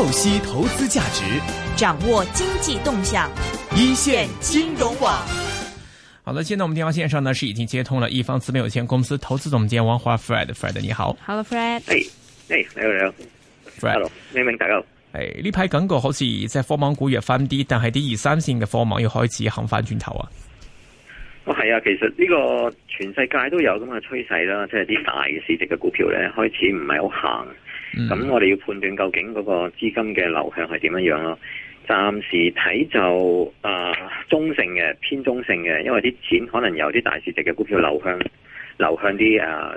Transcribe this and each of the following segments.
透析投資價值，掌握經濟動向，一線金融網。好的，現在我們電話線上呢是已經接通了一方資本有限公司投資總監王華 （Fred）。Fred，你好。Hello，Fred。哎，哎，你好，你好。Fred。Hello，你咩大家好哎，呢排港股好似即係科網股弱翻啲，但係啲二三線嘅科網要開始行翻轉頭啊？哦，係啊，其實呢個全世界都有咁嘅趨勢啦，即係啲大市值嘅股票呢，開始唔係好行。咁、嗯、我哋要判斷究竟嗰個資金嘅流向係點樣樣咯？暫時睇就啊、呃、中性嘅，偏中性嘅，因為啲錢可能由啲大市值嘅股票流向流向啲啊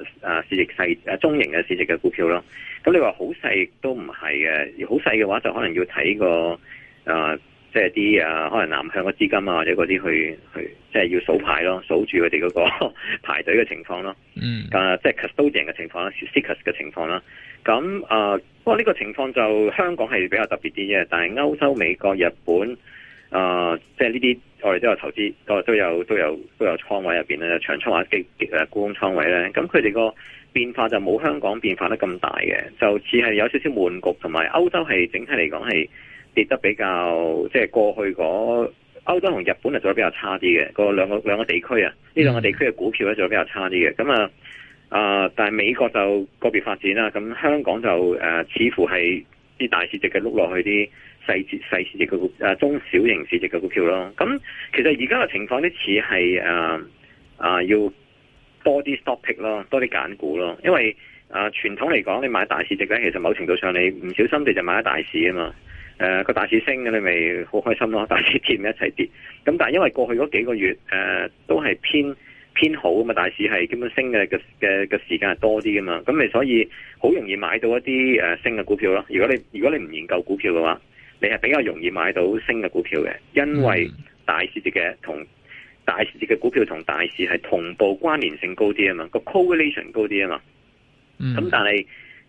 市值細誒中型嘅市值嘅股票咯。咁你話好細都唔係嘅，好細嘅話就可能要睇個啊即係啲啊可能南向嘅資金啊或者嗰啲去去即係、就是、要數牌咯，數住佢哋嗰個排隊嘅情況咯。嗯，啊即係、就是、custodian 嘅情況啦，seekers 嘅情況啦。咁啊，不過呢個情況就香港係比較特別啲啫，但係歐洲、美國、日本、呃、啊，即係呢啲我哋都有投資，都都有都有都有倉位入邊咧，長倉位、基誒、沽空倉位咧。咁佢哋個變化就冇香港變化得咁大嘅，就似係有少少悶局，同埋歐洲係整體嚟講係跌得比較，即係過去嗰歐洲同日本係做得比較差啲嘅，兩個兩個兩個地區啊，呢兩個地區嘅股票咧做得比較差啲嘅，咁啊。啊、呃、但係美國就個別發展啦，咁香港就誒、呃，似乎係啲大市值嘅碌落去啲細節、細市值嘅誒中小型市值嘅股票咯。咁、嗯、其實而家嘅情況啲似係誒誒，要多啲 stock pick 咯，多啲揀股咯。因為啊、呃，傳統嚟講，你買大市值咧，其實某程度上你唔小心你就買咗大市啊嘛。誒、呃、個大市升嘅你咪好開心咯，大市跌咪一齊跌。咁、嗯、但係因為過去嗰幾個月誒、呃、都係偏偏好啊嘛，大市係基本升嘅嘅嘅嘅時間係多啲噶嘛，咁咪所以好容易買到一啲誒、呃、升嘅股票咯。如果你如果你唔研究股票嘅話，你係比較容易買到升嘅股票嘅，因為大市值嘅同大市值嘅股票同大市係同步關聯性高啲啊嘛，個 correlation 高啲啊嘛。咁、嗯、但係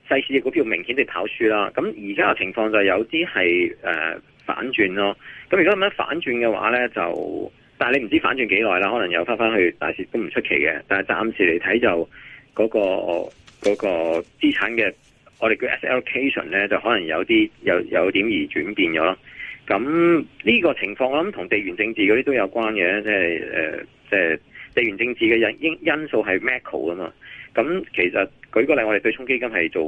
細市值股票明顯地跑輸啦。咁而家嘅情況就係有啲係誒反轉咯。咁如果咁樣反轉嘅話咧就。但係你唔知反轉幾耐啦，可能又翻翻去，大市都唔出奇嘅。但係暫時嚟睇就嗰個嗰個資產嘅，我哋叫 allocation 咧，就可能有啲有有點易轉變咗咯。咁呢個情況我諗同地緣政治嗰啲都有關嘅，即係誒，即係地緣政治嘅因、因、因素係 macro 啊嘛。咁其實舉個例，我哋對沖基金係做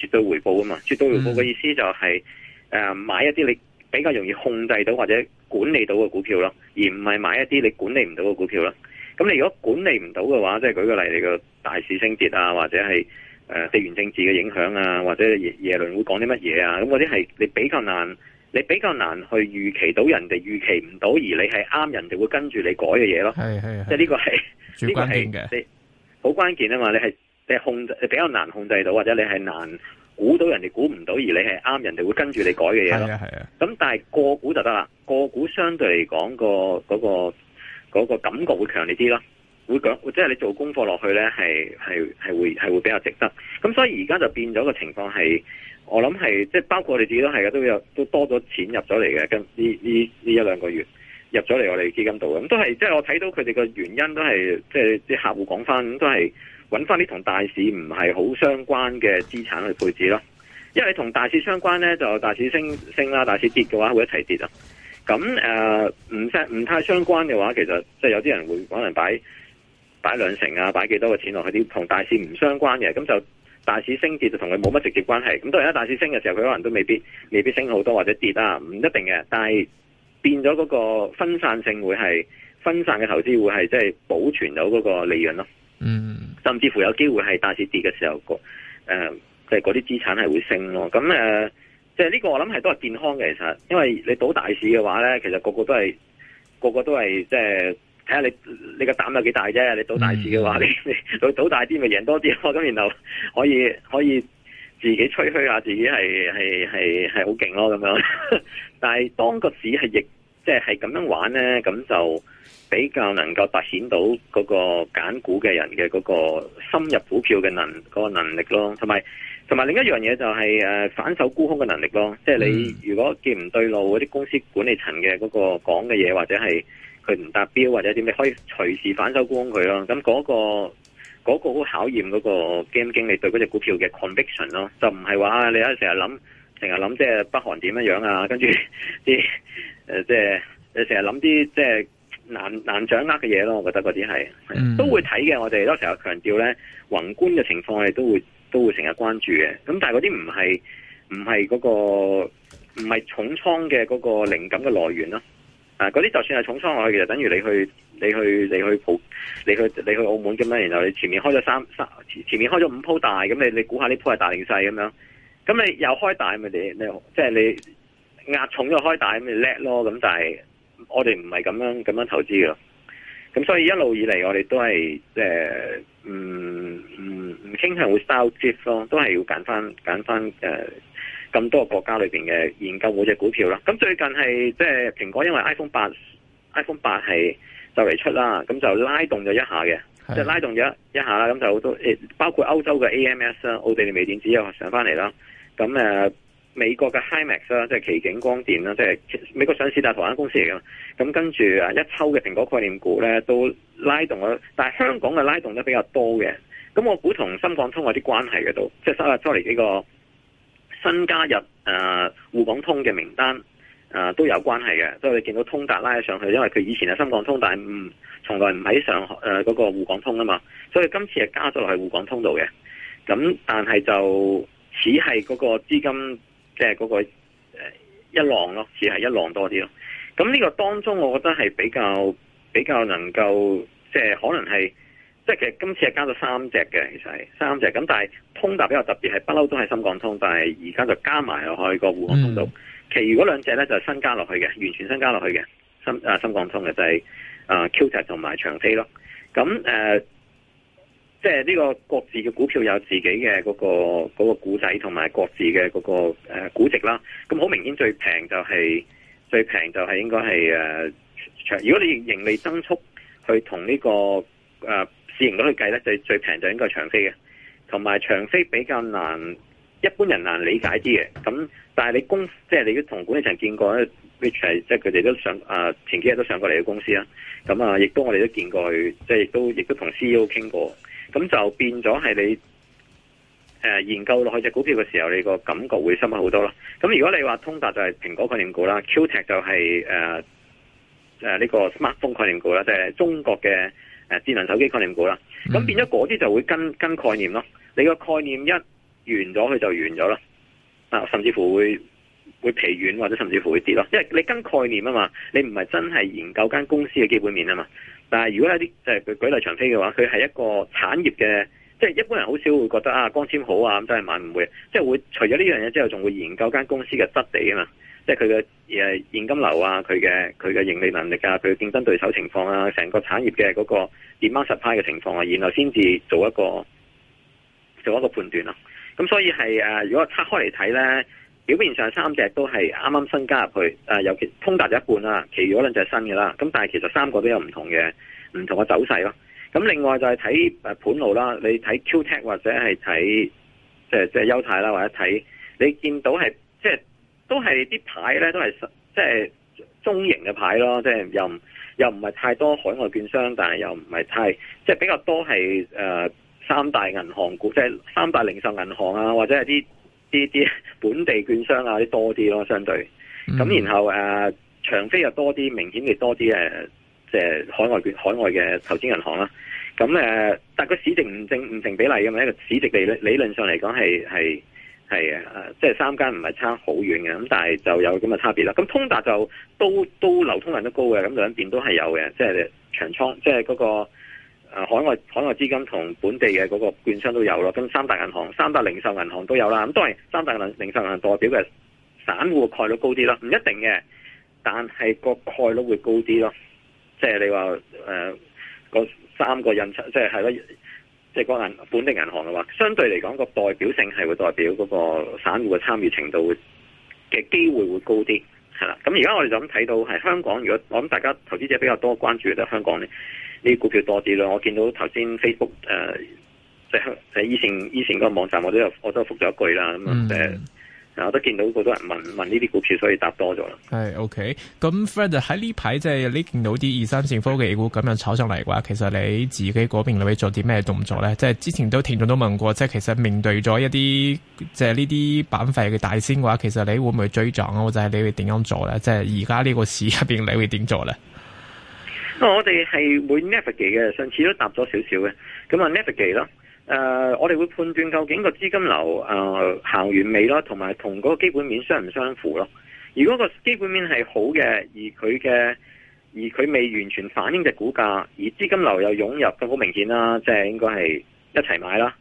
絕對回報啊嘛，絕對回報嘅意思就係呃，買一啲你比較容易控制到或者管理到嘅股票咯，而唔係買一啲你管理唔到嘅股票咯。咁你如果管理唔到嘅話，即係舉個例，你個大市升跌啊，或者係誒地緣政治嘅影響啊，或者耶倫會講啲乜嘢啊，咁嗰啲係你比較難，你比較難去預期到人哋預期唔到，而你係啱人哋會跟住你改嘅嘢咯。係係，即係呢個係呢個係好關鍵啊嘛！你係你控制你比較難控制到，或者你係難。估到人哋估唔到，而你係啱，人哋會跟住你改嘅嘢咯。係啊係啊咁、啊嗯、但係個股就得啦，個股相對嚟講、個嗰、個嗰、個感覺會強啲啲咯，會講即係你做功課落去咧，係係係會係會比較值得。咁、嗯、所以而家就變咗個情況係，我諗係即係包括我自己都係嘅，都有都多咗錢入咗嚟嘅，跟呢呢呢一兩個月入咗嚟我哋基金度咁、嗯、都係即係我睇到佢哋嘅原因都係即係啲客戶講翻咁都係。揾翻啲同大市唔係好相關嘅資產去配置咯，因為同大市相關呢，就大市升升啦，大市跌嘅話會一齊跌。咁誒唔唔太相關嘅話，其實即係、就是、有啲人會可能擺，擺兩成啊，擺幾多個錢落去啲同大市唔相關嘅，咁就大市升跌就同佢冇乜直接關係。咁當然啦，大市升嘅時候佢可能都未必未必升好多或者跌呀，唔一定嘅。但係變咗嗰個分散性會係分散嘅投資會係即係保存到嗰個利潤咯。嗯。甚至乎有機會係大市跌嘅時候，個誒即係嗰啲資產係會升咯。咁誒，即係呢個我諗係都係健康嘅，其實，因為你賭大市嘅話咧，其實個個都係個個都係即係睇下你你個膽有幾大啫。你賭大市嘅話，你你賭大啲咪、嗯、贏多啲咯。咁然後可以可以自己吹噓下自己係係係好勁咯咁樣。但係當個市係逆，即係係咁樣玩咧，咁就。比較能夠凸顯到嗰個揀股嘅人嘅嗰個深入股票嘅能、嗰個能力咯，同埋同埋另一樣嘢就係、是、誒、呃、反手沽空嘅能力咯，即係你如果見唔對路嗰啲公司管理層嘅嗰個講嘅嘢或者係佢唔達標或者點，你可以隨時反手沽空佢咯。咁嗰、嗰個嗰、嗰個好考驗嗰個基金經理對嗰隻股票嘅 conviction 咯，就唔係話你啊成日諗成日諗即係北韓點乜樣啊，跟住啲誒即係你成日諗啲即係。難難掌握嘅嘢咯，我覺得嗰啲係都會睇嘅。我哋都成日強調咧，宏觀嘅情況我哋都會都會成日關注嘅。咁但係嗰啲唔係唔係嗰個唔係重倉嘅嗰個靈感嘅來源咯。啊，嗰啲就算係重倉落去，其實等於你去你去你去普你去你去澳門咁樣，然後你前面開咗三三，前面開咗五鋪大咁，你你估下呢鋪係大定細咁樣。咁你又開大咪你你即係、即係、你壓重咗開大咪叻咯。咁但係。我哋唔係咁樣咁樣投資㗎，咁所以一路以嚟我哋都係即係唔唔唔傾向會 sell chip 咯，都係要揀翻揀翻誒咁多國家裏邊嘅研究每隻股票啦。咁最近係即係蘋果，因為 8, iPhone 八 iPhone 八係就嚟出啦，咁就拉動咗一下嘅，即係的拉動咗一下啦，咁就好多包括歐洲嘅 AMS 啦，奧地利微電子又上翻嚟啦，咁誒。呃美國嘅 HiMax 啦，即係奇景光電啦，即係美國上市但台灣的公司嚟嘅嘛。咁跟住啊，一抽嘅蘋果概念股咧，都拉動咗。但係香港嘅拉動得比較多嘅。咁我估同深港通有啲關係嘅都，即係收下收嚟幾個新加入誒滬港通嘅名單誒都有關係嘅。所以你見到通達拉咗上去，因為佢以前係深港通，但係唔從來唔喺上海嗰個滬港通啊嘛。所以今次係加咗落去滬港通度嘅。咁但係就似係嗰個資金。即係嗰個一浪咯，只係一浪多啲咯。咁呢個當中，我覺得係比較比較能夠、就是，即係可能係，即係其實今次係加咗三隻嘅，其實係三隻。咁但係通達比較特別係，不嬲都係深港通，但係而家就加埋落去個滬港通道。嗯、其餘嗰兩隻咧就係、新加落去嘅，完全新加落去嘅深啊深港通嘅就係、是、啊、呃、Q Tech 同埋長飛咯。咁誒。呃即係呢個各自嘅股票有自己嘅嗰、那個股仔同埋各自嘅嗰、那個估、呃、值啦。咁好明顯最平就係、是、最平就係應該係誒、呃、長。如果你盈利增速去同呢、這個誒、呃、市盈率去計咧，最最平就係應該係長飛嘅。同埋長飛比較難一般人難理解啲嘅。咁但係你公即係你都同管理層見過咧，which 係即係佢哋都上誒、呃、前幾日都上過嚟嘅公司啦。咁啊，亦都我哋都見過，即係亦都亦都同 C E O 傾過。咁就變咗係你誒、呃、研究落去隻股票嘅時候，你個感覺會深刻好多咯。咁如果你話通達就係蘋果概念股啦，QTech 就係誒呢個 Smartphone 概念股啦，即、就、係、是、中國嘅呃、智能手機概念股啦。咁變咗嗰啲就會跟跟概念咯。你個概念一完咗，佢就完咗咯。啊，甚至乎會會疲軟或者甚至乎會跌咯，因為你跟概念啊嘛，你唔係真係研究間公司嘅基本面啊嘛。但係，如果有啲即係舉例長飛嘅話，佢係一個產業嘅，即係一般人好少會覺得啊，光纖好啊咁真係買唔會，即係會除咗呢樣嘢之後，仲會研究一間公司嘅質地啊嘛，即係佢嘅誒現金流啊，佢嘅佢嘅盈利能力啊，佢嘅競爭對手情況啊，成個產業嘅嗰個 demand supply 嘅情況啊，然後先至做一個做一個判斷啊。咁所以係誒，如果拆開嚟睇咧。表面上三隻都係啱啱新加入去，誒尤其通達一半啦，其餘嗰兩隻係新嘅啦。咁但係其實三個都有唔同嘅唔同嘅走勢咯。咁另外就係睇誒盤路啦，你睇 QTech 或者係睇即係即係優泰啦，或者睇你見到係即係都係啲牌咧，都係即係中型嘅牌咯，即係又又唔係太多海外券商，但係又唔係太即係比較多係誒三大銀行股，即係三大零售銀行啊，或者係啲。啲啲本地券商啊啲多啲咯，相對咁、嗯、然後誒、呃、長飛又多啲，明顯亦多啲誒即係海外券海外嘅投資銀行啦。咁、嗯、誒、呃，但個市值唔正唔成比例嘅，嘛。一個市值理理論上嚟講係係係誒，即係、呃就是、三間唔係差好遠嘅，咁但係就有咁嘅差別啦。咁通達就都都流通量都高嘅，咁兩邊都係有嘅，即、就、係、是、長倉，即係嗰個。誒海外海外資金同本地嘅嗰個券商都有咯，咁三大銀行、三大零售銀行都有啦。咁當然，三大銀零,零售銀行代表嘅散戶概率高啲咯，唔一定嘅，但係個概率會高啲咯。即係你話誒三個印，出、就是，即係係咯，即係嗰銀本地銀行嘅話，相對嚟講個代表性係會代表嗰個散戶嘅參與程度嘅機會會高啲係啦。咁而家我哋就咁睇到係香港，如果我諗大家投資者比較多關注嘅都係香港咧。呢啲股票多啲啦，我見到頭先 Facebook 誒、呃，即係喺以前，以前個網站我都有，我都覆咗一句啦。咁誒，我都見到好多人問，問呢啲股票，所以答多咗啦。係 OK，咁 friend 喺呢排，即係你見到啲二三線科技股咁樣炒上嚟嘅話，其實你自己嗰邊你做啲咩動作咧？即係之前都聽眾，都問過，即係其實面對咗一啲即係呢啲板塊嘅大仙嘅話，其實你會唔會追撞？啊？或者係你會點樣做咧？即係而家呢個市入邊，你會點做咧？哦、我哋係會 navigate 嘅，上次都答咗少少嘅，咁啊 navigate 咯。誒、呃，我哋會判斷究竟個資金流誒、呃、行完未囉，同埋同嗰個基本面相唔相符咯。如果個基本面係好嘅，而佢嘅而佢未完全反映嘅股價，而資金流又湧入，咁好明顯啦，即、就、係、是、應該係一齊買啦。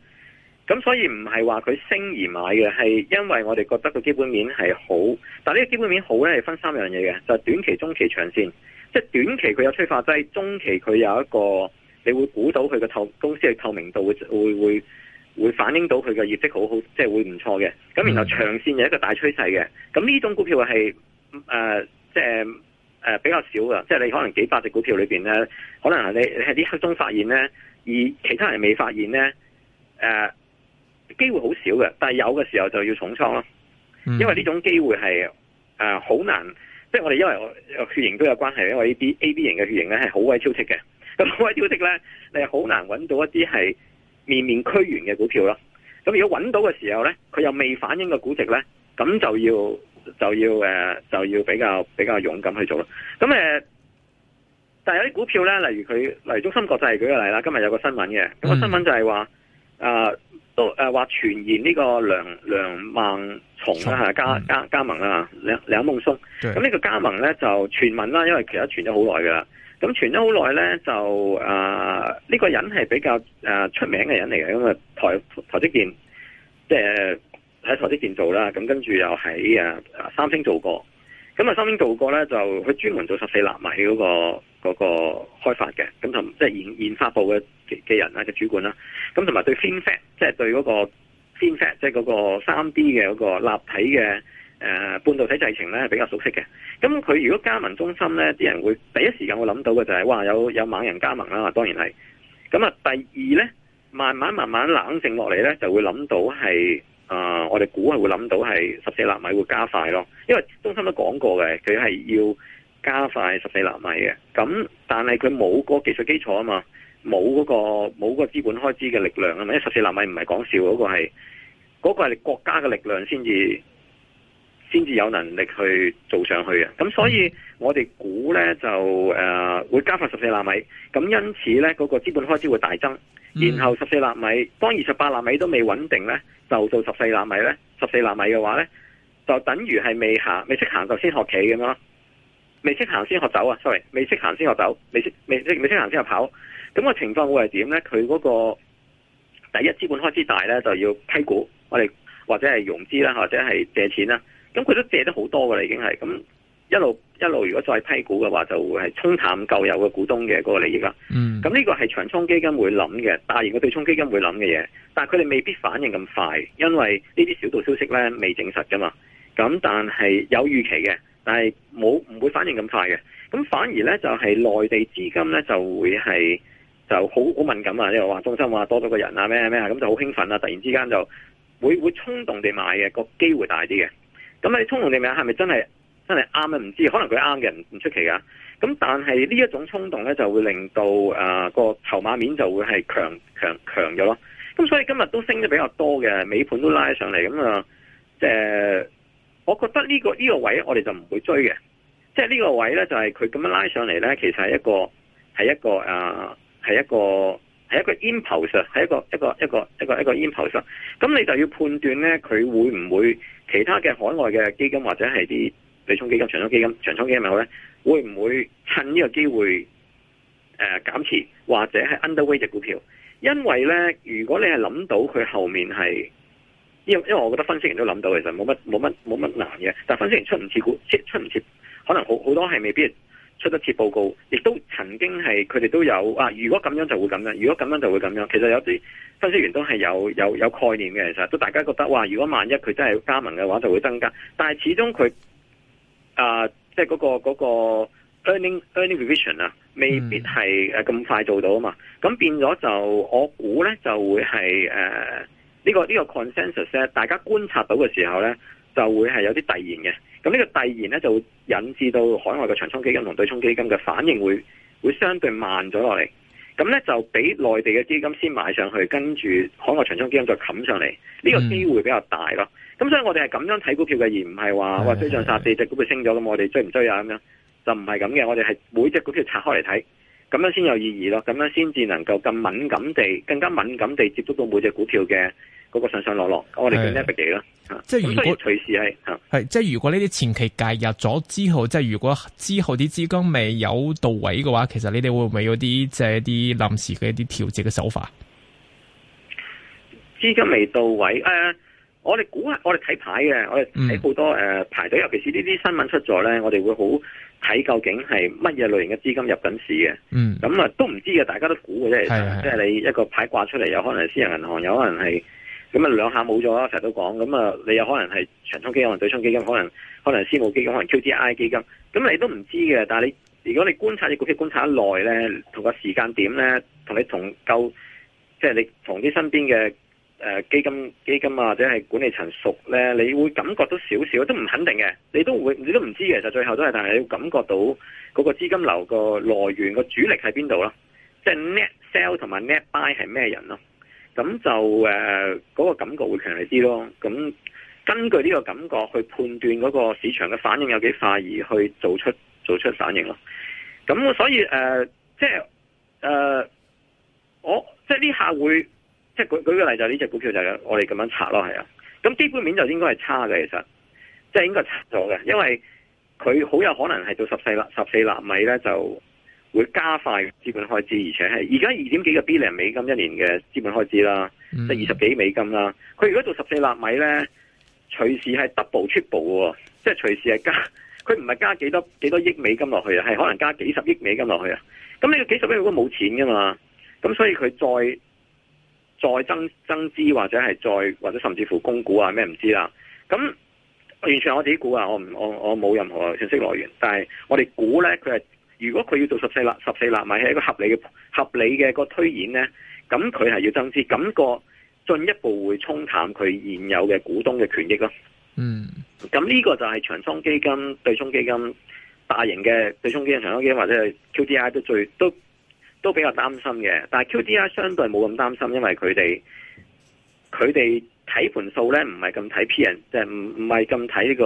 咁所以唔係話佢升而買嘅，係因為我哋覺得個基本面係好。但係呢個基本面好咧，係分三樣嘢嘅，就係、是、短期、中期、長線。即係短期佢有催化劑，中期佢有一個，你會估到佢嘅透公司嘅透明度會會會反映到佢嘅業績好好，即係會唔錯嘅。咁然後長線有一個大趨勢嘅，咁呢種股票係誒、呃、即係誒、呃、比較少嘅，即係你可能幾百隻股票裏邊咧，可能你你喺啲黑中發現咧，而其他人未發現咧，誒、呃、機會好少嘅，但係有嘅時候就要重倉咯，因為呢種機會係誒好難。即係，我哋因為我血型都有關係，因為 A B 型嘅血型咧，係好鬼挑剔嘅。咁好鬼挑剔咧，你係好難揾到一啲係面面俱圓嘅股票咯。咁如果揾到嘅時候咧，佢又未反映個估值咧，咁就要就要就要比較要比較勇敢去做。咁但係有啲股票咧，例如佢例如中芯國際舉個例啦，今日有個新聞嘅，咁個新聞就係話到話、呃、傳言呢個梁梁孟松啦、啊、加加加盟啦、啊，梁梁孟松。咁呢對個加盟咧就傳聞啦，因為其實傳咗好耐㗎啦。咁傳咗好耐咧就誒呢、呃呢個人係比較、呃、出名嘅人嚟嘅，咁啊台台積電，即係喺台積電做啦。咁跟住又喺、啊、三星做過。咁啊三星做過咧就佢專門做十四納米嗰、嗰個嗰、嗰個開發嘅。咁同即係研研發部嘅。嘅人啦，嘅主管啦，咁同埋對 FinFET 即係對嗰個 FinFET 即係嗰個三 D 嘅嗰個立體嘅誒半導體製程咧，係比較熟悉嘅。咁佢如果加盟中芯咧，啲人會第一時間會諗到嘅就係、是，哇！有有猛人加盟啦，當然係。咁啊，第二咧，慢慢慢慢冷靜落嚟咧，就會諗到係，啊、呃，我哋估係會諗到係十四納米會加快咯。因為中芯都講過嘅，佢係要加快十四納米嘅。咁但係佢冇個技術基礎啊嘛。冇嗰、嗰個冇個資本開支嘅力量啊！因為十四納米唔係講笑，嗰、嗰個係嗰、嗰個係國家嘅力量先至先至有能力去做上去嘅。咁所以我哋估呢，就誒、呃、會加快十四納米。咁因此呢，嗰、嗰個資本開支會大增。然後十四納米當二十八納米都未穩定呢，就到十四納米呢，十四納米嘅話呢，就等於係未行未識行就先學企咁樣咯。未識行先學走啊！sorry，未識行先學走，未識未識行先學跑。咁個情況會係點呢？佢嗰個第一資本開支大呢，就要批股，我哋或者係融資啦，或者係借錢啦。咁佢都借得好多噶啦，已經係咁一路一路。一路如果再批股嘅話，就會係沖淡舊有嘅股東嘅嗰個利益啦。咁呢、嗯、個係長倉基金會諗嘅，大型嘅對沖基金會諗嘅嘢，但係佢哋未必反應咁快，因為呢啲小道消息呢未證實噶嘛。咁但係有預期嘅，但係冇唔會反應咁快嘅。咁反而呢，就係、是、內地資金呢就會係。就好好敏感啊！即係話中心話多咗個人啊什麼什麼，咩咩咁就好興奮啦、啊！突然之間就會會衝動地買嘅，個機會大啲嘅。咁你衝動地買係咪真係真係啱啊？唔知，可能佢啱嘅人唔出奇噶。咁但係呢一種衝動咧，就會令到誒、啊、個籌碼面就會係強強強咗咯。咁所以今日都升得比較多嘅，尾盤都拉上嚟咁啊。即係、嗯嗯呃、我覺得呢、呢個呢、呢個位我哋就唔會追嘅。即係呢個位咧，就係佢咁樣拉上嚟咧，其實係一個係一個誒。啊係一個係一個 impulse，係一個一個一個一個 impulse。咁 imp 你就要判斷呢，佢會唔會其他嘅海外嘅基金或者係啲對沖基金、長倉基金、長倉基金咪好呢？會唔會趁呢個機會、呃、減持或者係 underweight 隻股票？因為呢，如果你係諗到佢後面係因為我覺得分析員都諗到，其實冇乜冇乜難嘅。但分析員出唔切股出出唔切可能好好多係未必。出一次報告，亦都曾經係佢哋都有啊。如果咁樣就會咁樣，如果咁樣就會咁樣。其實有啲分析員都係有有有概念嘅，其實都大家覺得哇！如果萬一佢真係加盟嘅話，就會增加。但係始終佢啊，即係嗰個嗰個、嗰個、嗰個、earning earning revision 啊，未必係咁快做到啊嘛。咁變咗就我估咧，就會係誒呢個呢、呢個 consensus 呢、啊。大家觀察到嘅時候咧，就會係有啲突然嘅。咁呢個遞然咧就會引致到海外嘅長倉基金同對沖基金嘅反應會會相對慢咗落嚟，咁咧就俾內地嘅基金先買上去，跟住海外長倉基金再冚上嚟，呢、這個機會比較大咯。咁、嗯、所以我哋係咁樣睇股票嘅，而唔係話哇追漲殺跌，隻股票升咗咁我哋追唔追啊咁樣，就唔係咁嘅。我哋係每隻股票拆開嚟睇。咁樣先有意義咯，咁樣先至能夠更敏感地、更加敏感地接觸到每隻股票嘅嗰個上上落落。的我哋叫 l e v e r 即係如果隨時係係，即係如果呢啲前期介入咗之後，即、就、係、是、如果之後啲資金未有到位嘅話，其實你哋會唔會有啲即係啲臨時嘅一啲調節嘅手法？資金未到位，誒、呃，我哋估啊，我哋睇牌嘅，我哋睇好多誒、嗯呃、排隊，尤其是呢啲新聞出咗咧，我哋會好。睇究竟係乜嘢類型嘅資金入緊市嘅，咁啊、嗯、都唔知嘅，大家都估嘅啫，是的 即係你一個牌掛出嚟，有可能係私人銀行，有可能係咁啊兩下冇咗，成日都講，咁啊你有可能係長倉基金，對沖基金，可能可能是私募基金，可能是 Q T I 基金，咁你都唔知嘅。但係你如果你觀察你股票觀察得耐咧，同個時間點咧，同你同夠，即係你同啲身邊嘅。誒，基金基金啊，或者係管理層熟咧，你會感覺到少少，都唔肯定嘅，你都會，你都唔知，嘅，就最後都係，但係你會感覺到嗰個資金流個來源個主力喺邊度咯，即係 net sell 同埋 net buy 係咩人咯，咁就誒嗰個感覺會強烈啲咯，咁根據呢個感覺去判斷嗰個市場嘅反應有幾快，而去做出做出反應咯，咁所以誒即係誒我即係呢下會。即係舉舉個例就呢隻股票就係我哋咁樣拆咯，係啊。咁基本面就應該係差嘅，其實即係、就是、應該拆咗嘅，因為佢好有可能係到十四十四納米咧，就會加快資本開支，而且係而家二點幾個 b 零美金一年嘅資本開支啦，即係二十幾美金啦。佢、嗯、如果到十四納米咧，隨時係 double p 即係隨時係加。佢唔係加幾多幾多億美金落去啊，係可能加幾十億美金落去啊。咁你個幾十億如果冇錢噶嘛，咁所以佢再。再增，增資或者係，再或者甚至乎供股啊咩，唔知啦、啊，咁完全我自己估啊，我唔我我冇任何信息來源，但係我哋估呢，佢係如果佢要做十四粒十四粒咪，係一個合理嘅合理嘅個推演呢。咁佢係要增資，感覺進一步會沖淡佢現有嘅股東嘅權益咯、啊。嗯，咁呢個就係長倉基金、對沖基金、大型嘅對沖基金、長倉基金或者係 QDII 都最都。都比較擔心嘅，但係 q d r 相對冇咁擔心，因為佢哋佢哋睇盤數咧，唔係咁睇 P/E 即係唔唔係咁睇呢個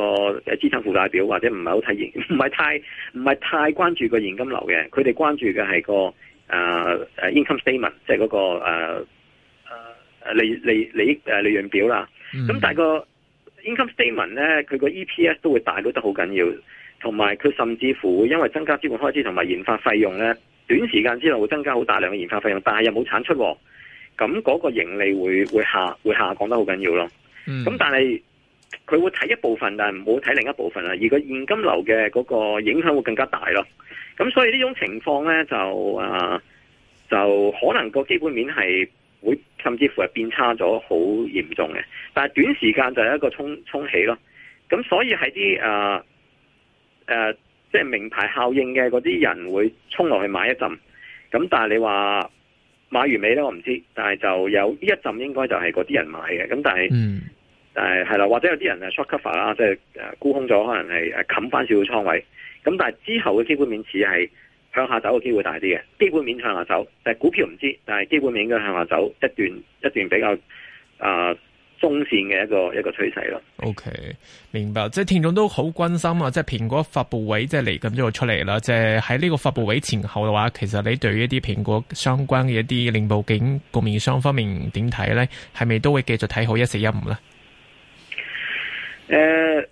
資產負債表，或者唔係好睇現，唔係太唔係太關注個現金流嘅。佢哋關注嘅係個誒、呃、income statement，即係嗰、那個誒誒、呃、利利利益利潤表啦。咁、嗯、但係個 income statement 咧，佢個 EPS 都會大到得好緊要，同埋佢甚至乎會因為增加資本開支同埋研發費用咧。短時間之內會增加好大量嘅研發費用，但係又冇產出，咁嗰個盈利會會下會下降得好緊要咯。咁但係佢會睇一部分，但係唔好睇另一部分啦。而個現金流嘅嗰個影響會更加大咯。咁所以呢種情況呢，就、呃、就可能個基本面係會甚至乎係變差咗好嚴重嘅。但係短時間就係一個衝衝起咯。咁所以喺啲誒誒。呃呃即係名牌效應嘅嗰啲人會衝落去買一浸，咁但係你話買完尾咧我唔知，但係就有呢一浸應該就係嗰啲人買嘅。咁但係係係啦，或者有啲人係 short cover 啦，即係沽空咗，可能係冚翻少少倉位，咁但係之後嘅基本面似係向下走嘅機會大啲嘅，基本面向下走，但係股票唔知，但係基本面應該向下走一段一段比較、呃中綫嘅一個一個趨勢咯。OK，明白。即係聽眾都好關心啊！即係蘋果發佈會即係嚟緊呢度出嚟啦。即係喺呢個發佈會前後嘅話，其實你對於一啲蘋果相關嘅一啲零部件局面商方面點睇呢？係咪都會繼續睇好一四一五呢？誒，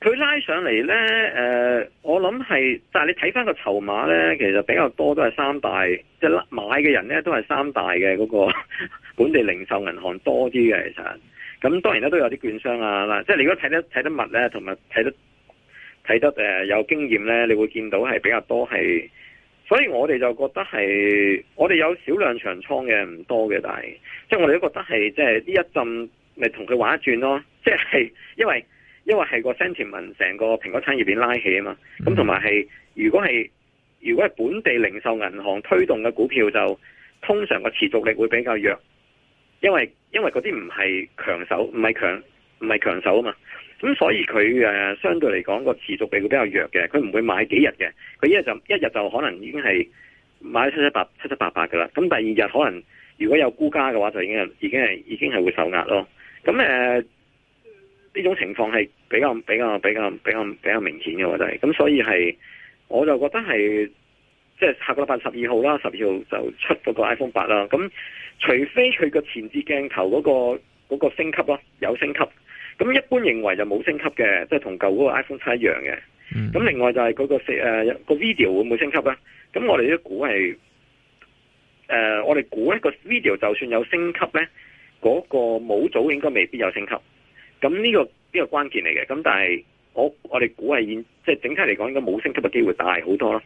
佢拉上嚟呢，誒，我諗係，但係你睇翻個籌碼呢，其實比較多都係三大，即係買嘅人呢都係三大嘅嗰個本地零售銀行多啲嘅，其實。咁當然咧都有啲券商啊，嗱，即係你如果睇得睇得密咧，同埋睇得睇得誒有經驗咧，你會見到係比較多係，所以我哋就覺得係我哋有少量長倉嘅，唔多嘅，但係即係我哋都覺得係即係呢一陣咪同佢玩一轉咯，即係因為因為係個 sentiment 成個蘋果產業鏈拉起啊嘛，咁同埋係如果係如果係本地零售銀行推動嘅股票就，就通常個持續力會比較弱。因為因為嗰啲唔係強手，唔係強唔係強手啊嘛，咁所以佢誒、呃、相對嚟講個持續力會比較弱嘅，佢唔會買幾日嘅，佢一日就一日就可能已經係買咗七七八七七八八噶啦，咁第二日可能如果有沽家嘅話就已經係已經係已經係會受壓咯，咁誒呢種情況係比較比較比較比較比較明顯嘅話就係、是，咁所以係我就覺得係。即係下個禮拜十二號啦，十二號就出嗰個 iPhone 八啦。咁除非佢個前置鏡頭嗰、那個嗰、那個升級咯，有升級。咁一般認為就冇升級嘅，即係同舊嗰個 iPhone 七一樣嘅。咁、嗯、另外就係嗰、那個誒個、呃、video 會唔會升級咧？咁我哋都估係誒我哋估一個 video 就算有升級咧，嗰、那個模組應該未必有升級。咁呢、這個呢、這個關鍵嚟嘅。咁但係我我哋估係現即係、就是、整體嚟講，應該冇升級嘅機會大好多咯。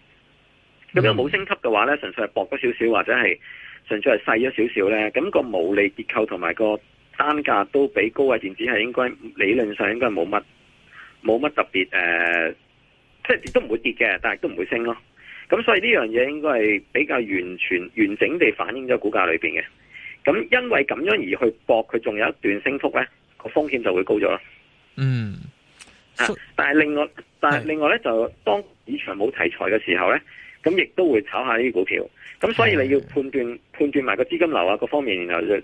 咁、嗯、如果冇升級嘅話咧，純粹係薄咗少少，或者係純粹係細咗少少咧，咁、個毛利結構同埋個單價都比高位電子係應該理論上應該冇乜冇乜特別誒、呃，即係都唔會跌嘅，但係都唔會升咯。咁所以呢樣嘢應該係比較完全完整地反映咗股價裏面嘅。咁因為咁樣而去博佢，仲有一段升幅咧，個風險就會高咗咯。嗯。啊、以但係另外，但係另外咧，是就當市場冇題材嘅時候咧。咁亦都會炒下呢啲股票，咁所以你要判斷的判斷埋個資金流啊，各方面，然後即係、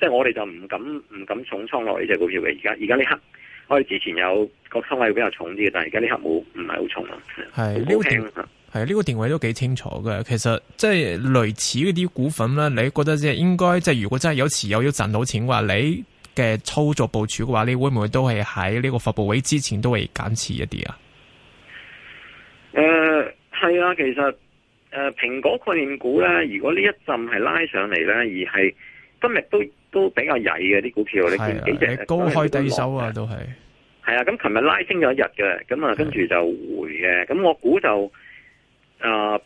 就是、我哋就唔敢唔敢重倉落呢隻股票嘅。而家而家呢刻，我哋之前有、個倉位比較重啲嘅，但係而家呢刻冇，唔係是好重啊。係呢個係呢、呢個定位都幾清楚嘅。其實即係類似嗰啲股份啦，你覺得即係應該，即係、就是、如果真係有持有要賺到錢嘅話，你嘅操作部署嘅話，你會唔會都係喺呢個發布會之前都會減持一啲啊？誒、呃。係啊，其實誒，蘋、呃、果概念股咧，如果呢一陣係拉上嚟咧，而係今日都都比較曳嘅啲股票，啊、你見幾隻高開低收啊，都係係啊，咁琴日拉升咗一日嘅，咁、嗯、啊，跟住就回嘅，咁是、啊、我估就誒、呃、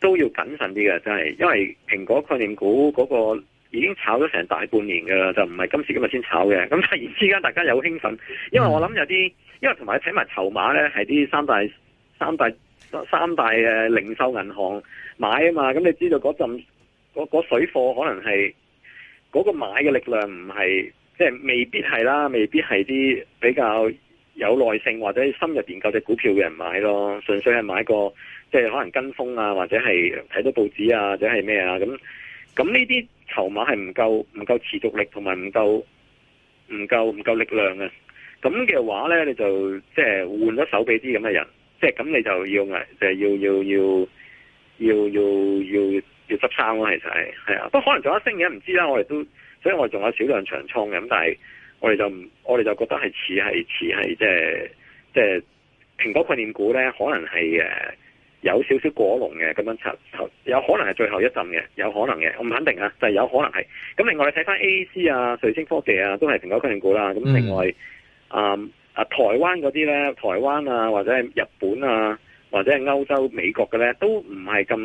都要謹慎啲嘅，真係，因為蘋果概念股嗰個已經炒咗成大半年噶啦，就唔係今時今日先炒嘅，咁突然之間大家有興奮，因為我諗有啲，因為同埋睇埋籌碼咧，係啲三大三大。三大三大嘅零售銀行買啊嘛，咁你知道嗰陣嗰個水貨可能係嗰個買嘅力量唔係，即係未必係啦，未必係啲比較有耐性或者深入研究隻股票嘅人買咯，純粹係買個即係可能跟風啊，或者係睇到報紙啊，或者係咩啊咁。咁呢啲籌碼係唔夠唔夠持續力同埋唔夠唔夠唔夠力量嘅，咁嘅話呢，你就即係換咗手俾啲咁嘅人。即係咁，你就要啊，就係要要要要要要執生咯，其實係係啊，不過可能仲有升嘅，唔知啦。我哋都，所以我哋仲有少量長倉嘅。咁但係我哋就唔，我哋就覺得係似係似係即係即係蘋果概念股咧，可能係誒有少少過龍嘅，咁樣拆有可能係最後一陣嘅，有可能嘅，我唔肯定啊，就係有可能係。咁、就是、另外你睇翻 A A C 啊、瑞星科技啊，都係蘋果概念股啦。咁另外啊。嗯嗯啊，台灣嗰啲咧，台灣啊，或者係日本啊，或者係歐洲、美國嘅咧，都唔係咁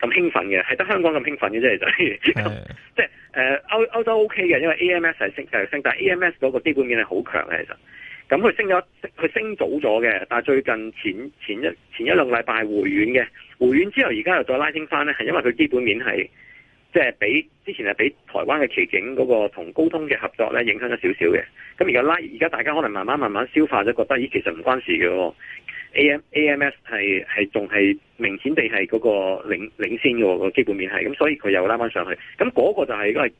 咁興奮嘅，係得香港咁興奮嘅啫，其實。係。即係誒，歐歐洲 OK 嘅，因為 AMS 係升係升，但係 AMS 嗰個基本面係好強嘅，其實。咁佢升咗，佢升早咗嘅，但係最近前前一前一兩個禮拜回軟嘅，回軟之後而家又再拉升翻咧，係因為佢基本面係。即係比之前係比台灣嘅奇景嗰個同高通嘅合作咧影響咗少少嘅，咁而家拉而家大家可能慢慢慢慢消化咗，覺得咦其實唔關事嘅喎，A M A M S 係係仲係明顯地係嗰個領領先嘅個基本面係，咁所以佢又拉翻上去，咁嗰個就係因為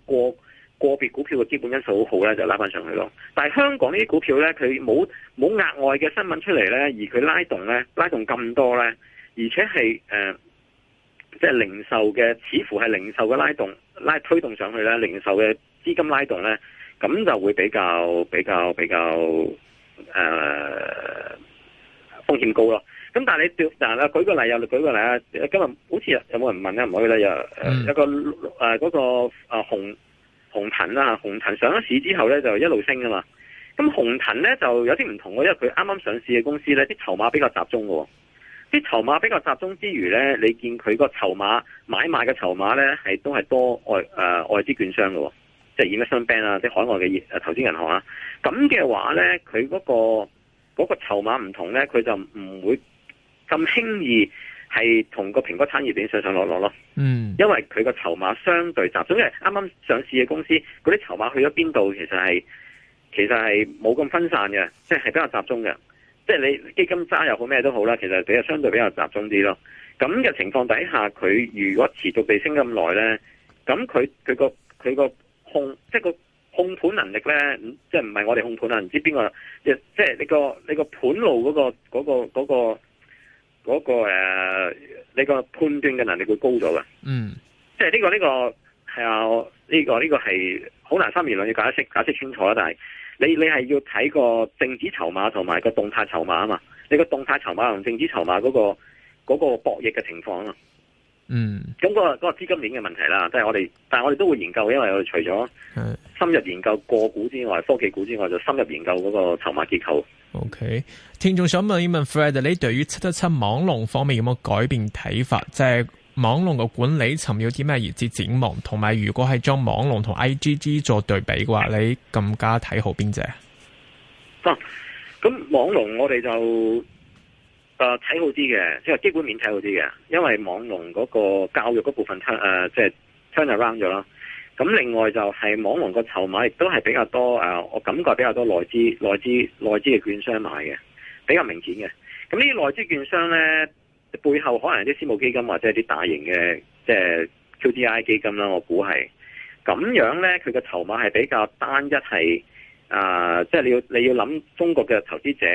個別股票嘅基本因素好好咧就拉翻上去咯。但係香港呢啲股票咧，佢冇冇額外嘅新聞出嚟咧，而佢拉動咧拉動咁多咧，而且係誒即係零售嘅，似乎係零售嘅拉動拉推動上去咧，零售嘅資金拉動咧，咁就會比較比較比較誒、呃、風險高咯。咁但係你對嗱，舉個例又舉個例啊，今日好似有冇人問咧？唔可以啦，有一個誒嗰、嗯啊那個誒、啊、紅紅騰啊紅騰上咗市之後咧就一路升㗎嘛。咁紅騰咧就有啲唔同喎，因為佢啱啱上市嘅公司咧，啲籌碼比較集中喎。啲籌碼比較集中之餘咧，你見佢個籌碼買賣嘅籌碼咧，係都係多外誒、呃、外資券商嘅，即係 band、e、啊，即係海外嘅誒投資銀行啊。咁嘅話咧，佢嗰個嗰個籌碼唔同咧，佢就唔會咁輕易係同個蘋果產業鏈上上落落咯。嗯，因為佢個籌碼相對集中，因為啱啱上市嘅公司嗰啲籌碼去咗邊度，其實係其實係冇咁分散嘅，即係係比較集中嘅。即係你基金揸又好咩都好啦，其實比較相對比較集中啲咯。咁嘅情況底下，佢如果持續地升咁耐咧，咁佢佢個佢個控即係個控盤能力咧，即係唔係我哋控盤啊？唔知邊個即即係你個你個盤路嗰個嗰個嗰個嗰個誒，你、嗰個、嗰個嗰個嗰個呃、你個判斷嘅能力會高咗嘅。嗯，即係呢、呢個呢、呢個係啊，呢、呢個呢個係好難三言兩語解釋解釋清楚啦，但係。你你係要睇個政治籌碼同埋個動態籌碼啊嘛，你個動態籌碼同政治籌碼嗰個嗰、嗰個博弈嘅情況啊，嗯，咁個個資金鏈嘅問題啦，但係我哋，但係我哋都會研究，因為我哋除咗深入研究個股之外，科技股之外，就深入研究嗰個籌碼結構。OK，聽眾想問一問 Fred，你對於七七七網龍方面有冇改變睇法？即係。網龍嘅管理層要啲咩嘢？業績展望同埋，如果係將網龍同 IGG 作對比嘅話，你更加睇好邊隻，啊？啊，咁網龍我哋就誒睇好啲嘅，即係基本面睇好啲嘅，因為網龍嗰個教育嗰部分 t 誒即係 turn around 咗啦。咁、啊、另外就係網龍個籌碼亦都係比較多誒、啊，我感覺比較多內資、內資、內資嘅券商買嘅，比較明顯嘅。咁呢啲內資券商咧。背後可能係啲私募基金或者係啲大型嘅即係 QDII 基金啦，我估係咁樣呢，佢嘅籌碼係比較單一是，係、呃、啊，即、就、係、是、你要你要諗中國嘅投資者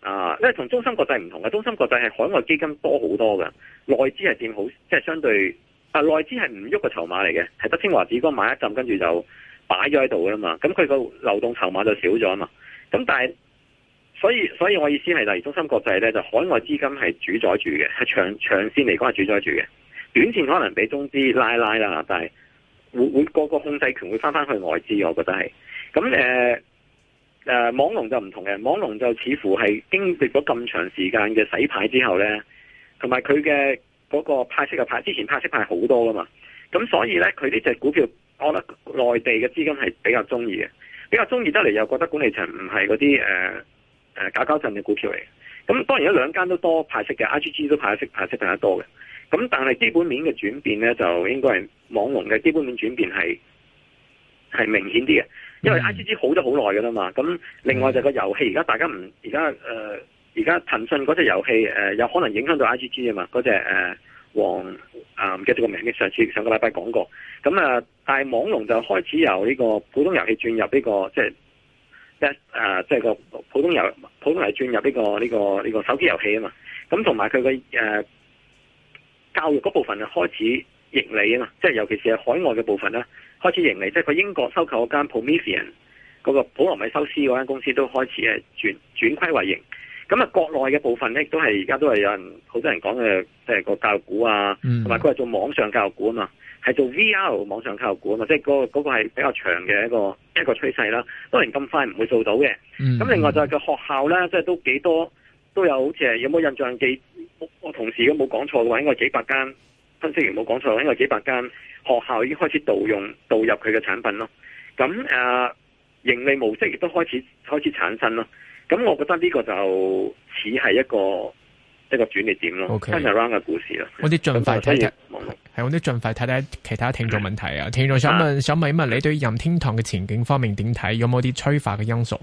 啊、呃，因為同中芯國際唔同嘅，中芯國際係海外基金多，很多的內是好多嘅，內資係佔好即係相對啊，內資係唔喐嘅籌碼嚟嘅，係得清華紫光買一浸，跟住就擺咗喺度噶啦嘛，咁佢個流動籌碼就少咗啊嘛，咁但係。所以，所以我意思係，例如中芯國際咧，就海外資金係主宰住嘅，係長長線嚟講係主宰住嘅。短線可能俾中資拉拉啦，但係會會個個控制權會翻翻去外資，我覺得係。咁誒誒，網龍就唔同嘅，網龍就似乎係經歷咗咁長時間嘅洗牌之後咧，同埋佢嘅嗰個派息嘅派，之前派息派好多噶嘛。咁所以咧，佢呢隻股票，我覺得內地嘅資金係比較中意嘅，比較中意得嚟又覺得管理層唔係嗰啲誒。呃誒、啊，搞搞震嘅股票嚟嘅，咁當然咧兩間都多派息嘅，I G G 都派息派息更加多嘅，咁但係基本面嘅轉變咧，就應該係網龍嘅基本面轉變係係明顯啲嘅，因為 I G G 好咗好耐噶啦嘛，咁另外就是個遊戲而家大家唔而家誒而家騰訊嗰隻遊戲誒有可能影響到 I G G 啊嘛，嗰隻誒黃啊唔、呃、記得個名嘅，上次上個禮拜講過，咁啊、呃、但係網龍就開始由呢個普通遊戲轉入呢、這個即係。就是即係誒、啊，即係個普通遊，普通係轉入呢、這個呢、這個呢、這個手機遊戲啊嘛。咁同埋佢嘅誒教育嗰部分係開始盈利啊嘛。即係尤其是係海外嘅部分咧，開始盈利。即係佢英國收購嗰間 Promethean 嗰個普羅米修斯嗰間公司都開始誒轉轉虧為盈。咁啊，國內嘅部分咧，都係而家都係有人好多人講嘅，即係個教育股啊，同埋佢係做網上教育股啊嘛，係做 VR 網上教育股啊嘛，即係嗰個嗰個係比較長嘅一個一個趨勢啦。當然咁快唔會做到嘅。咁、嗯、另外就係個學校咧，嗯、即係都幾多都有好，好似有冇印象記？我同事如果冇講錯嘅話，應該幾百間分析員冇講錯，應該幾百間學校已經開始導用導入佢嘅產品咯。咁、啊、盈利模式亦都開始開始產生咯。咁我覺得呢個就似係一個一個轉捩點咯，turnaround 嘅故事啦。我哋盡快睇睇，係看我哋盡快睇睇其他聽眾問題啊！聽眾的想問，的想問一問你對任天堂嘅前景方面點睇？有冇啲催化嘅因素？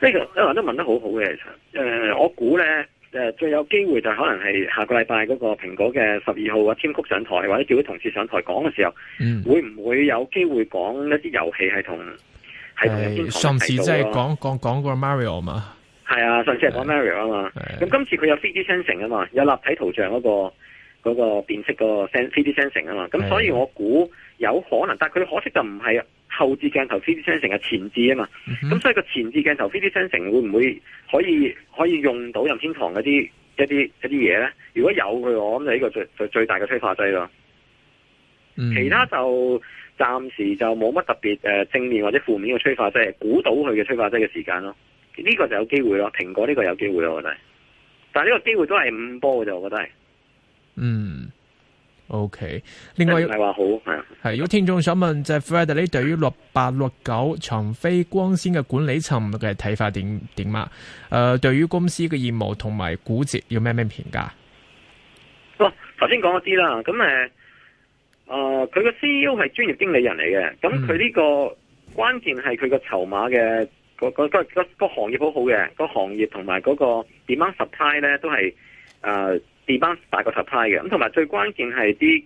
呢、這個阿華都問得好好嘅，誒、呃，我估咧誒，最有機會就可能係下個禮拜嗰個蘋果嘅十二號啊，Tim Cook 上台或者叫佢同事上台講嘅時候，嗯、會唔會有機會講一啲遊戲系統。係上次即係講講講個 Mario 嘛。係啊，上次係講 Mario 啊嘛。咁今是次佢有 3D sensing 啊嘛，有立體圖像嗰、那個變、那個變色個 3D sensing 啊嘛。咁所以我估有可能，但係佢可惜就唔係後置鏡頭 3D sensing 係前置啊嘛。咁、嗯、哼所以個前置鏡頭 3D sensing 會唔會可以可以用到任天堂一啲一啲一啲嘢咧？如果有佢，我諗就呢個最最最大嘅催化劑咯。嗯、其他就。暫時就冇乜特別誒正面或者負面嘅催化劑，估到佢嘅催化劑嘅時間咯，呢，這個就有機會咯，停過呢個有機會咯，我覺得，但係呢個機會都係五波嘅我覺得係，嗯，OK，另外唔係話好係，係如果聽眾想問，就係、是、Freddie 你對於六八六九長飛光纖嘅管理層嘅睇法點點嘛？誒、呃，對於公司嘅業務同埋估值要咩咩評價？哇、哦，頭先講咗啲啦，咁誒。呃啊！佢嘅 CEO 係專業經理人嚟嘅，咁佢呢個關鍵係佢個籌碼嘅，個個個行業好好嘅，個行業同埋嗰個 demand supply 咧都係啊 demand 大過 supply 嘅，咁同埋最關鍵係啲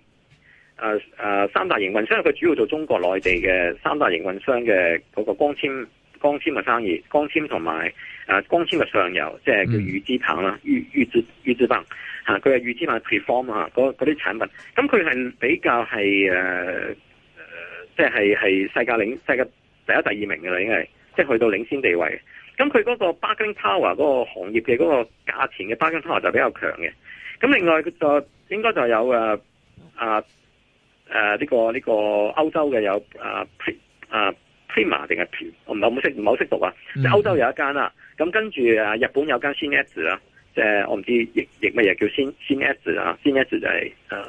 啊啊三大營運商，佢主要做中國內地嘅三大營運商嘅嗰個光纖光纖嘅生意，光纖同埋啊光纖嘅上游，即係叫預製棒啦，預預製預製棒。嚇，佢係預支辦 perform 嗰啲產品，咁佢係比較係誒誒，即係係世界領世界第一第二名嘅啦，已經係，即係去到領先地位，咁佢嗰個 Bargaining Power 嗰個行業嘅嗰個價錢嘅 Bargaining Power 就比較強嘅。咁另外，就應該就有誒啊誒呢個呢個歐洲嘅有 pre Prima 定係 p r 我唔係好識唔係好識讀啊。即係歐洲有一間啦，咁跟住日本有間 Shin-Etsu 啦。即係、呃、我唔知亦亦乜嘢叫先 S 啦，先 S 就係、是、誒，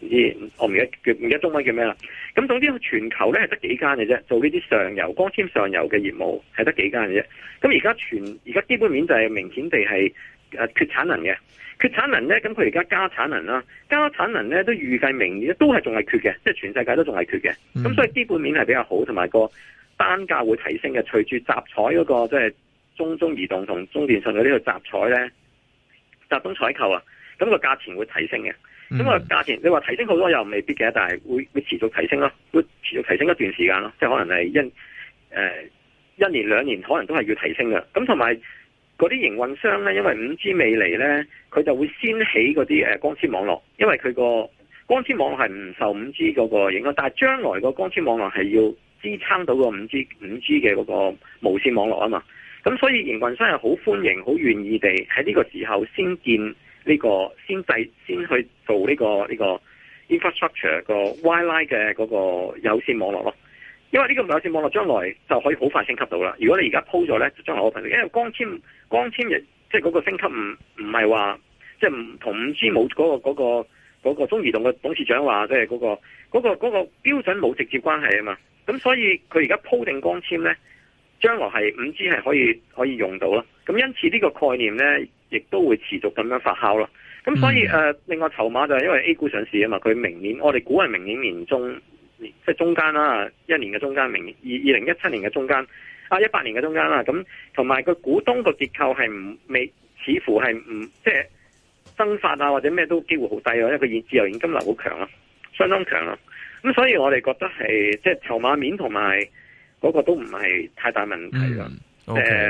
唔、呃、知我唔記得叫中文叫咩啦。咁總之全球咧係得幾間嘅啫，做呢啲上游光纖上游嘅業務係得幾間嘅啫。咁而家全而家基本面就係明顯地係誒缺產能嘅，缺產能咧，咁佢而家加產能啦，加產能咧都預計明年咧都係仲係缺嘅，即係全世界都仲係缺嘅。咁所以基本面係比較好，同埋個單價會提升嘅。隨住集採嗰個即係、就是、中中移動同中電信嗰啲嘅集採咧。集中採購啊，咁個價錢會提升嘅。咁個價錢你話提升好多又未必嘅，但係會，會持續提升囉，會持續提升一段時間咯，即係可能係、呃、一年兩年可能都係要提升嘅。咁同埋嗰啲營運商呢，因為五 G 未嚟呢，佢就會先起嗰啲光纖網絡，因為佢個光纖網絡係唔受五 G 嗰個影響，但係將來個光纖網絡係要支撐到個五 G 五 G 嘅嗰個無線網絡啊嘛。咁所以營運商係好歡迎、好願意地喺呢個時候先建呢個先制，先去做呢個呢個 infrastructure 個 Wi-Fi 嘅嗰個有線網絡咯，因為呢個有線網絡將來就可以好快升級到啦。如果你而家鋪咗咧，就將來我份，因為光纖光纖亦即係嗰個升級唔唔係話即係唔同五 G 冇嗰個嗰個嗰個。嗰個嗰個嗰個，中移動嘅董事長話即係嗰個嗰個嗰個標準冇直接關係啊嘛。咁所以佢而家鋪定光纖咧？將來係五 g 係可以可以用到囉，咁因此呢個概念呢亦都會持續咁樣發酵咯。咁所以誒、嗯呃，另外籌碼就係、是、因為 A 股上市啊嘛，佢明年我哋估係明年年中，即係中間啦，一年嘅中間，明二二零一七年嘅中間啊，一八年嘅中間啦，咁同埋佢股東個結構係唔未，似乎係唔即係增發啊或者咩都機會好低咯、啊，因為佢自由現金流好強咯，相當強咯、啊。咁所以我哋覺得係即係籌碼面同埋。嗰個都唔係太大問題啦，誒、嗯，話、okay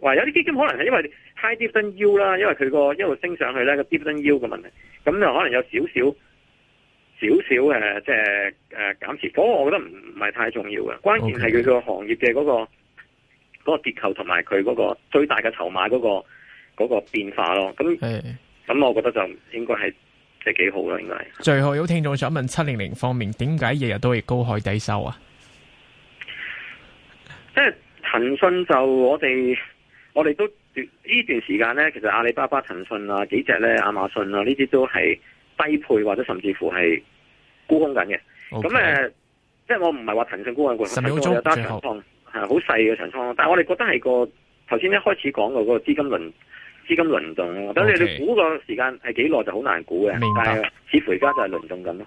呃、有啲基金可能係因為 high dividend yield 啦，因為佢個一路升上去咧個 dividend yield 嘅問題，咁就可能有少少少少誒，即係誒減持，嗰、呃那個我覺得唔唔係太重要嘅，關鍵係佢個行業嘅嗰、那個嗰、那個結構同埋佢嗰個最大嘅籌碼嗰個嗰、那個變化咯，咁咁的我覺得就應該係即係幾好啦，應該。應該最後有聽眾想問七零零方面點解日日都係高開低收啊？即係騰訊，就我哋，我哋都呢段時間咧，其實阿里巴巴、騰訊啊，幾隻咧，亞馬遜啊，呢啲都係低配或者甚至乎係沽空緊嘅。咁誒 Okay.、嗯，即係我唔係話騰訊沽空過，甚至乎有單長倉，係好細嘅長倉。但係我哋覺得係個頭先一開始講過嗰個資金輪資金輪動咁 Okay. 你哋估個時間係幾耐就好難估嘅。明白但係似乎而家就係輪動緊。